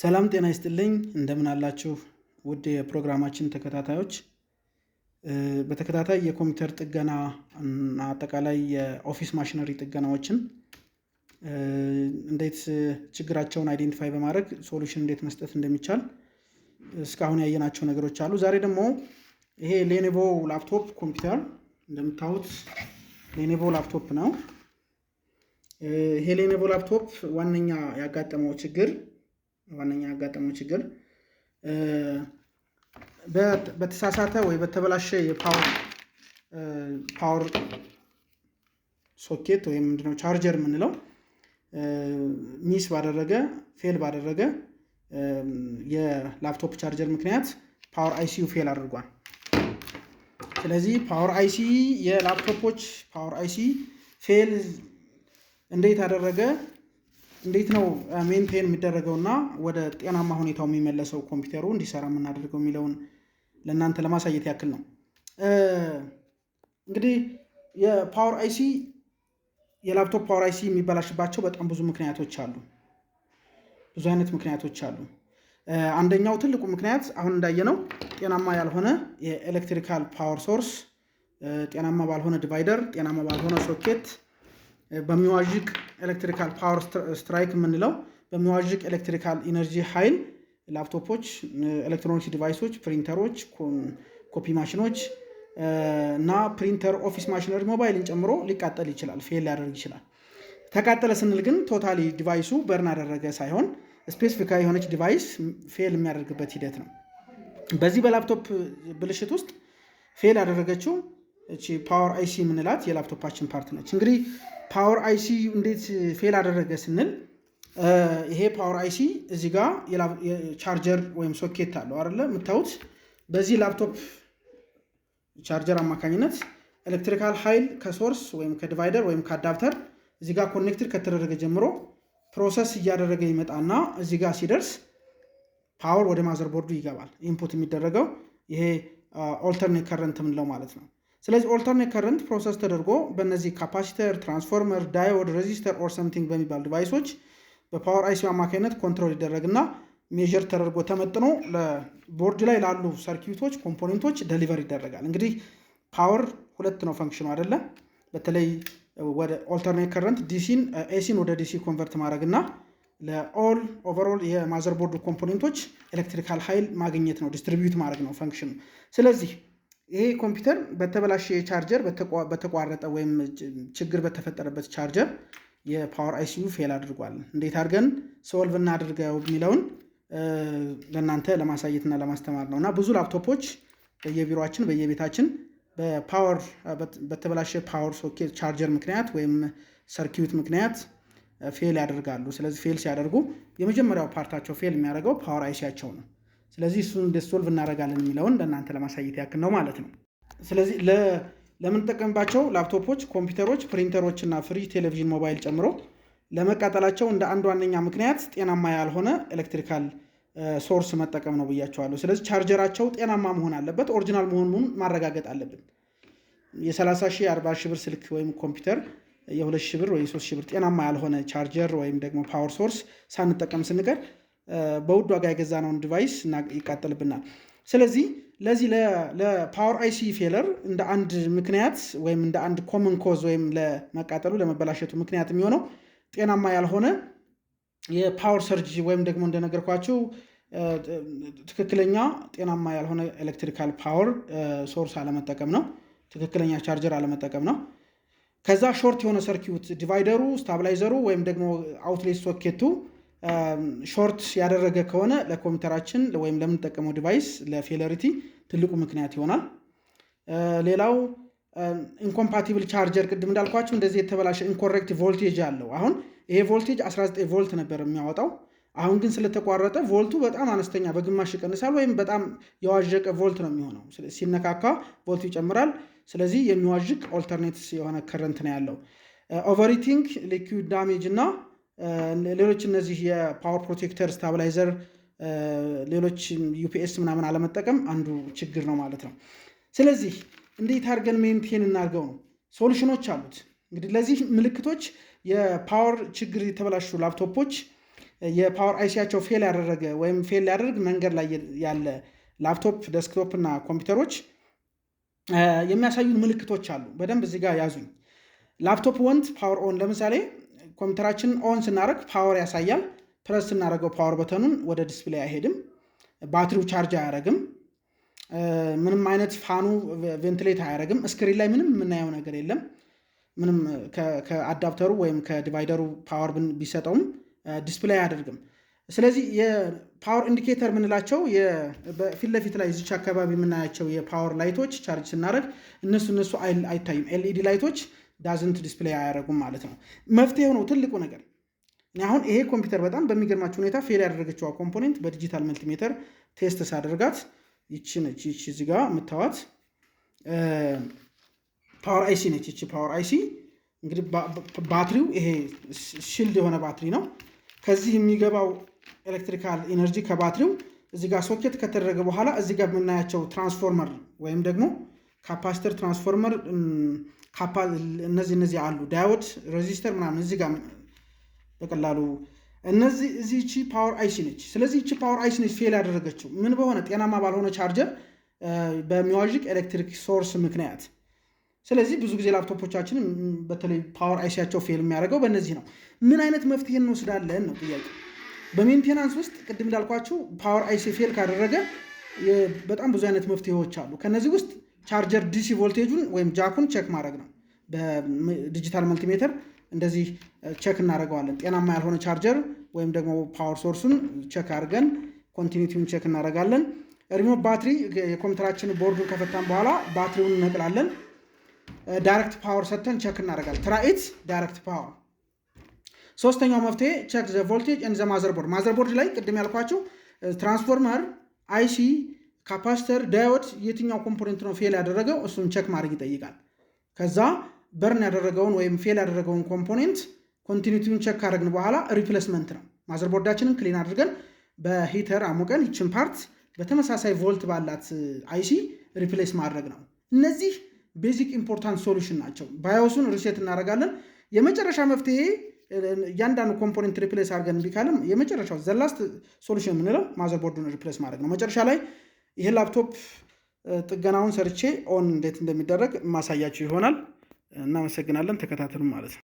ሰላም ጤና ይስጥልኝ፣ እንደምን አላችሁ ውድ የፕሮግራማችን ተከታታዮች። በተከታታይ የኮምፒውተር ጥገና እና አጠቃላይ የኦፊስ ማሽነሪ ጥገናዎችን እንዴት ችግራቸውን አይዴንቲፋይ በማድረግ ሶሉሽን እንዴት መስጠት እንደሚቻል እስካሁን ያየናቸው ነገሮች አሉ። ዛሬ ደግሞ ይሄ ሌኔቮ ላፕቶፕ ኮምፒውተር እንደምታዩት ሌኔቮ ላፕቶፕ ነው። ይሄ ሌኔቮ ላፕቶፕ ዋነኛ ያጋጠመው ችግር ዋነኛ ያጋጠመው ችግር በተሳሳተ ወይ በተበላሸ የፓወር ሶኬት ወይም ምንድነው ቻርጀር የምንለው ሚስ ባደረገ ፌል ባደረገ የላፕቶፕ ቻርጀር ምክንያት ፓወር አይሲዩ ፌል አድርጓል። ስለዚህ ፓወር አይሲ የላፕቶፖች ፓወር አይሲ ፌል እንዴት አደረገ? እንዴት ነው ሜንቴን የሚደረገው እና ወደ ጤናማ ሁኔታው የሚመለሰው ኮምፒውተሩ እንዲሰራ የምናደርገው የሚለውን ለእናንተ ለማሳየት ያክል ነው። እንግዲህ የፓወር አይሲ የላፕቶፕ ፓወር አይሲ የሚበላሽባቸው በጣም ብዙ ምክንያቶች አሉ። ብዙ አይነት ምክንያቶች አሉ። አንደኛው ትልቁ ምክንያት አሁን እንዳየነው ጤናማ ያልሆነ የኤሌክትሪካል ፓወር ሶርስ፣ ጤናማ ባልሆነ ዲቫይደር፣ ጤናማ ባልሆነ ሶኬት በሚዋዥቅ ኤሌክትሪካል ፓወር ስትራይክ የምንለው በሚዋዥቅ ኤሌክትሪካል ኢነርጂ ኃይል ላፕቶፖች፣ ኤሌክትሮኒክስ ዲቫይሶች፣ ፕሪንተሮች፣ ኮፒ ማሽኖች እና ፕሪንተር፣ ኦፊስ ማሽነሪ፣ ሞባይልን ጨምሮ ሊቃጠል ይችላል፣ ፌል ሊያደርግ ይችላል። ተቃጠለ ስንል ግን ቶታሊ ዲቫይሱ በርን አደረገ ሳይሆን ስፔሲፊካ የሆነች ዲቫይስ ፌል የሚያደርግበት ሂደት ነው። በዚህ በላፕቶፕ ብልሽት ውስጥ ፌል ያደረገችው እቺ ፓወር አይሲ የምንላት የላፕቶፓችን ፓርት ነች። እንግዲህ ፓወር አይሲ እንዴት ፌል አደረገ ስንል ይሄ ፓወር አይሲ እዚህ ጋር ቻርጀር ወይም ሶኬት አለው አይደለ? የምታዩት በዚህ ላፕቶፕ ቻርጀር አማካኝነት ኤሌክትሪካል ኃይል ከሶርስ ወይም ከዲቫይደር ወይም ከአዳፕተር እዚህ ጋር ኮኔክትድ ከተደረገ ጀምሮ ፕሮሰስ እያደረገ ይመጣና እዚህ ጋር ሲደርስ ፓወር ወደ ማዘርቦርዱ ይገባል። ኢንፑት የሚደረገው ይሄ ኦልተርኔት ከረንት ምንለው ማለት ነው። ስለዚህ ኦልተርኔት ከረንት ፕሮሰስ ተደርጎ በእነዚህ ካፓሲተር፣ ትራንስፎርመር፣ ዳይወድ ሬዚስተር ኦር ሰምቲንግ በሚባሉ ዲቫይሶች በፓወር አይሲ አማካኝነት ኮንትሮል ይደረግና ሜዥር ተደርጎ ተመጥኖ ለቦርድ ላይ ላሉ ሰርኪቶች ኮምፖኔንቶች ደሊቨር ይደረጋል። እንግዲህ ፓወር ሁለት ነው ፈንክሽኑ አይደለ? በተለይ ወደ ኦልተርኔት ከረንት ዲሲን ኤሲን ወደ ዲሲ ኮንቨርት ማድረግ እና ለኦል ኦቨርኦል የማዘርቦርድ ኮምፖኔንቶች ኤሌክትሪካል ኃይል ማግኘት ነው፣ ዲስትሪቢዩት ማድረግ ነው ፈንክሽኑ። ስለዚህ ይሄ ኮምፒውተር በተበላሸ ቻርጀር በተቋረጠ ወይም ችግር በተፈጠረበት ቻርጀር የፓወር አይሲዩ ፌል አድርጓል። እንዴት አድርገን ሶልቭ እናድርገው የሚለውን ለእናንተ ለማሳየትና ለማስተማር ነው እና ብዙ ላፕቶፖች በየቢሮችን በየቤታችን በፓወር በተበላሸ ፓወር ሶኬት ቻርጀር ምክንያት ወይም ሰርኪዩት ምክንያት ፌል ያደርጋሉ። ስለዚህ ፌል ሲያደርጉ የመጀመሪያው ፓርታቸው ፌል የሚያደርገው ፓወር አይሲያቸው ነው። ስለዚህ እሱን እንዴት ሶልቭ እናደርጋለን የሚለውን ለእናንተ ለማሳየት ያክል ነው ማለት ነው። ስለዚህ ለምንጠቀምባቸው ላፕቶፖች፣ ኮምፒውተሮች፣ ፕሪንተሮች እና ፍሪጅ፣ ቴሌቪዥን፣ ሞባይል ጨምሮ ለመቃጠላቸው እንደ አንድ ዋነኛ ምክንያት ጤናማ ያልሆነ ኤሌክትሪካል ሶርስ መጠቀም ነው ብያቸዋለሁ። ስለዚህ ቻርጀራቸው ጤናማ መሆን አለበት፣ ኦሪጂናል መሆኑን ማረጋገጥ አለብን። የ30 ሺህ 40 ሺህ ብር ስልክ ወይም ኮምፒውተር የ2 ሺህ ብር ወይ 3 ሺህ ብር ጤናማ ያልሆነ ቻርጀር ወይም ደግሞ ፓወር ሶርስ ሳንጠቀም ስንቀር በውድ ዋጋ የገዛነውን ዲቫይስ ይቃጠልብናል። ስለዚህ ለዚህ ለፓወር አይሲ ፌለር እንደ አንድ ምክንያት ወይም እንደ አንድ ኮመን ኮዝ ወይም ለመቃጠሉ ለመበላሸቱ ምክንያት የሚሆነው ጤናማ ያልሆነ የፓወር ሰርጅ ወይም ደግሞ እንደነገርኳችሁ ትክክለኛ ጤናማ ያልሆነ ኤሌክትሪካል ፓወር ሶርስ አለመጠቀም ነው። ትክክለኛ ቻርጀር አለመጠቀም ነው። ከዛ ሾርት የሆነ ሰርኪዩት ዲቫይደሩ፣ ስታብላይዘሩ ወይም ደግሞ አውትሌት ሶኬቱ ሾርት ያደረገ ከሆነ ለኮምፒውተራችን ወይም ለምንጠቀመው ዲቫይስ ለፌለሪቲ ትልቁ ምክንያት ይሆናል። ሌላው ኢንኮምፓቲብል ቻርጀር ቅድም እንዳልኳቸው እንደዚህ የተበላሸ ኢንኮሬክት ቮልቴጅ አለው። አሁን ይሄ ቮልቴጅ 19 ቮልት ነበር የሚያወጣው። አሁን ግን ስለተቋረጠ ቮልቱ በጣም አነስተኛ በግማሽ ይቀንሳል፣ ወይም በጣም የዋዠቀ ቮልት ነው የሚሆነው። ሲነካካ ቮልቱ ይጨምራል። ስለዚህ የሚዋዥቅ ኦልተርኔት የሆነ ከረንት ነው ያለው። ኦቨርሂቲንግ ሊኩዊድ ዳሜጅ እና ሌሎች እነዚህ የፓወር ፕሮቴክተር ስታብላይዘር፣ ሌሎች ዩፒኤስ ምናምን አለመጠቀም አንዱ ችግር ነው ማለት ነው። ስለዚህ እንዴት አድርገን ሜንቴን እናድርገው ነው። ሶሉሽኖች አሉት እንግዲህ ለዚህ ምልክቶች የፓወር ችግር የተበላሹ ላፕቶፖች የፓወር አይሲያቸው ፌል ያደረገ ወይም ፌል ሊያደርግ መንገድ ላይ ያለ ላፕቶፕ፣ ዴስክቶፕ እና ኮምፒውተሮች የሚያሳዩን ምልክቶች አሉ። በደንብ እዚህ ጋር ያዙኝ። ላፕቶፕ ወንት ፓወር ኦን ለምሳሌ ኮምፒውተራችንን ኦን ስናደርግ ፓወር ያሳያል። ፕረስ ስናደርገው ፓወር በተኑን ወደ ዲስፕሌይ አይሄድም። ባትሪው ቻርጅ አያደርግም። ምንም አይነት ፋኑ ቬንትሌት አያደርግም። ስክሪን ላይ ምንም የምናየው ነገር የለም። ምንም ከአዳፕተሩ ወይም ከዲቫይደሩ ፓወር ቢሰጠውም ዲስፕሌይ አያደርግም። ስለዚህ የፓወር ኢንዲኬተር የምንላቸው በፊት ለፊት ላይ እዚች አካባቢ የምናያቸው የፓወር ላይቶች ቻርጅ ስናደርግ እነሱ እነሱ አይታዩም። ኤልኢዲ ላይቶች ዳዝንት ዲስፕሌይ አያደረጉም ማለት ነው። መፍትሄ ነው ትልቁ ነገር። አሁን ይሄ ኮምፒውተር በጣም በሚገርማችሁ ሁኔታ ፌል ያደረገችዋ ኮምፖኔንት በዲጂታል መልቲሜተር ቴስት ሳደርጋት ይቺ ነች። ይቺ እዚህ ጋ የምታዋት ፓወር አይሲ ነች። ይቺ ፓወር አይሲ እንግዲህ ባትሪው ይሄ ሽልድ የሆነ ባትሪ ነው። ከዚህ የሚገባው ኤሌክትሪካል ኢነርጂ ከባትሪው እዚህ ጋር ሶኬት ከተደረገ በኋላ እዚህ ጋር የምናያቸው ትራንስፎርመር ወይም ደግሞ ካፓስተር ትራንስፎርመር እነዚህ እነዚህ አሉ ዳዮድ ሬዚስተር ምናምን እዚህ ጋር በቀላሉ እነዚህ እዚህ ቺ ፓወር አይሲ ነች። ስለዚህ ቺ ፓወር አይሲ ነች ፌል ያደረገችው ምን በሆነ ጤናማ ባልሆነ ቻርጀር በሚዋዥቅ ኤሌክትሪክ ሶርስ ምክንያት። ስለዚህ ብዙ ጊዜ ላፕቶፖቻችን በተለይ ፓወር አይሲያቸው ፌል የሚያደርገው በእነዚህ ነው። ምን አይነት መፍትሄ እንወስዳለን ነው ጥያቄ። በሜንቴናንስ ውስጥ ቅድም እንዳልኳቸው ፓወር አይሲ ፌል ካደረገ በጣም ብዙ አይነት መፍትሄዎች አሉ። ከነዚህ ውስጥ ቻርጀር ዲሲ ቮልቴጁን ወይም ጃኩን ቼክ ማድረግ ነው። በዲጂታል መልቲሜትር እንደዚህ ቼክ እናደርገዋለን። ጤናማ ያልሆነ ቻርጀር ወይም ደግሞ ፓወር ሶርሱን ቼክ አድርገን ኮንቲኒቲውን ቼክ እናደርጋለን። ሪሞት ባትሪ የኮምፒውተራችን ቦርዱን ከፈታን በኋላ ባትሪውን እነቅላለን። ዳይሬክት ፓወር ሰጥተን ቼክ እናደርጋለን። ትራኢት ዳይሬክት ፓወር። ሶስተኛው መፍትሄ ቼክ ዘ ቮልቴጅ ኤንድ ዘ ማዘርቦርድ። ማዘርቦርድ ላይ ቅድም ያልኳቸው ትራንስፎርመር አይሲ ካፓስተር ዳዮድ የትኛው ኮምፖኔንት ነው ፌል ያደረገው እሱን ቸክ ማድረግ ይጠይቃል። ከዛ በርን ያደረገውን ወይም ፌል ያደረገውን ኮምፖኔንት ኮንቲኒቲውን ቸክ ካደረግን በኋላ ሪፕሌስመንት ነው። ማዘርቦርዳችንን ክሊን አድርገን በሂተር አሞቀን ይችን ፓርት በተመሳሳይ ቮልት ባላት አይሲ ሪፕሌስ ማድረግ ነው። እነዚህ ቤዚክ ኢምፖርታንት ሶሉሽን ናቸው። ባዮሱን ሪሴት እናደርጋለን። የመጨረሻ መፍትሄ እያንዳንዱ ኮምፖኔንት ሪፕሌስ አድርገን ቢካልም የመጨረሻው ዘላስት ሶሉሽን የምንለው ማዘርቦርዱን ሪፕሌስ ማድረግ ነው መጨረሻ ላይ ይሄ ላፕቶፕ ጥገናውን ሰርቼ ኦን እንዴት እንደሚደረግ ማሳያችሁ ይሆናል። እናመሰግናለን። ተከታተሉ ማለት ነው።